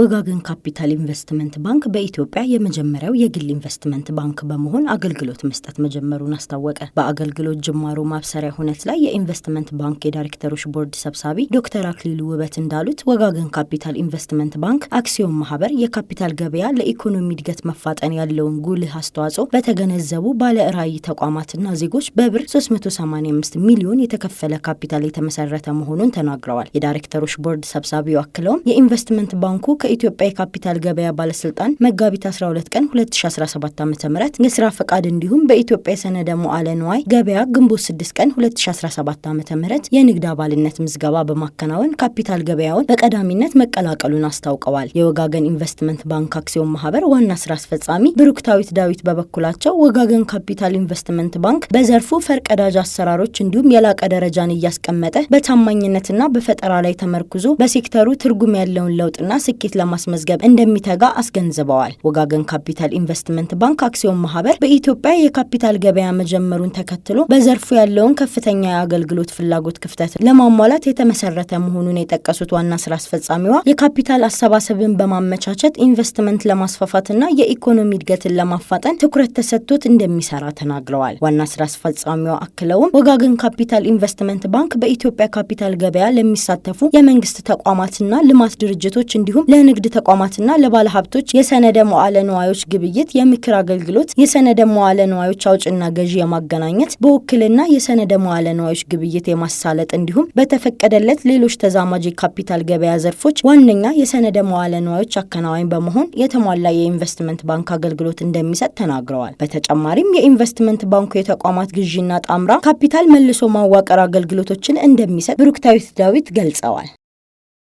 ወጋገን ካፒታል ኢንቨስትመንት ባንክ በኢትዮጵያ የመጀመሪያው የግል ኢንቨስትመንት ባንክ በመሆን አገልግሎት መስጠት መጀመሩን አስታወቀ። በአገልግሎት ጅማሮ ማብሰሪያ ሁነት ላይ የኢንቨስትመንት ባንክ የዳይሬክተሮች ቦርድ ሰብሳቢ ዶክተር አክሊሉ ውበት እንዳሉት ወጋገን ካፒታል ኢንቨስትመንት ባንክ አክሲዮን ማህበር የካፒታል ገበያ ለኢኮኖሚ እድገት መፋጠን ያለውን ጉልህ አስተዋጽኦ በተገነዘቡ ባለ ራዕይ ተቋማትና ዜጎች በብር 385 ሚሊዮን የተከፈለ ካፒታል የተመሰረተ መሆኑን ተናግረዋል። የዳይሬክተሮች ቦርድ ሰብሳቢው አክለውም የኢንቨስትመንት ባንኩ ከኢትዮጵያ የካፒታል ገበያ ባለስልጣን መጋቢት 12 ቀን 2017 ዓ ም የስራ ፈቃድ እንዲሁም በኢትዮጵያ የሰነደ ሙዓለ ንዋይ ገበያ ግንቦት 6 ቀን 2017 ዓ ም የንግድ አባልነት ምዝገባ በማከናወን ካፒታል ገበያውን በቀዳሚነት መቀላቀሉን አስታውቀዋል። የወጋገን ኢንቨስትመንት ባንክ አክሲዮን ማህበር ዋና ስራ አስፈጻሚ ብሩክታዊት ዳዊት በበኩላቸው ወጋገን ካፒታል ኢንቨስትመንት ባንክ በዘርፉ ፈርቀዳጅ አሰራሮች እንዲሁም የላቀ ደረጃን እያስቀመጠ በታማኝነትና በፈጠራ ላይ ተመርኩዞ በሴክተሩ ትርጉም ያለውን ለውጥና ስኬት ለማስመዝገብ እንደሚተጋ አስገንዝበዋል። ወጋገን ካፒታል ኢንቨስትመንት ባንክ አክሲዮን ማህበር በኢትዮጵያ የካፒታል ገበያ መጀመሩን ተከትሎ በዘርፉ ያለውን ከፍተኛ የአገልግሎት ፍላጎት ክፍተት ለማሟላት የተመሰረተ መሆኑን የጠቀሱት ዋና ስራ አስፈጻሚዋ የካፒታል አሰባሰብን በማመቻቸት ኢንቨስትመንት ለማስፋፋትና የኢኮኖሚ እድገትን ለማፋጠን ትኩረት ተሰጥቶት እንደሚሰራ ተናግረዋል። ዋና ስራ አስፈጻሚዋ አክለውም ወጋገን ካፒታል ኢንቨስትመንት ባንክ በኢትዮጵያ ካፒታል ገበያ ለሚሳተፉ የመንግስት ተቋማትና ልማት ድርጅቶች እንዲሁም ለንግድ ተቋማትና ለባለ ሀብቶች የሰነደ መዋለ ንዋዮች ግብይት የምክር አገልግሎት የሰነደ መዋለ ንዋዮች አውጭና ገዢ የማገናኘት በውክልና የሰነደ መዋለ ንዋዮች ግብይት የማሳለጥ እንዲሁም በተፈቀደለት ሌሎች ተዛማጅ የካፒታል ገበያ ዘርፎች ዋነኛ የሰነደ መዋለ ንዋዮች አከናዋኝ በመሆን የተሟላ የኢንቨስትመንት ባንክ አገልግሎት እንደሚሰጥ ተናግረዋል። በተጨማሪም የኢንቨስትመንት ባንኩ የተቋማት ግዢና ጣምራ ካፒታል መልሶ ማዋቀር አገልግሎቶችን እንደሚሰጥ ብሩክታዊት ዳዊት ገልጸዋል።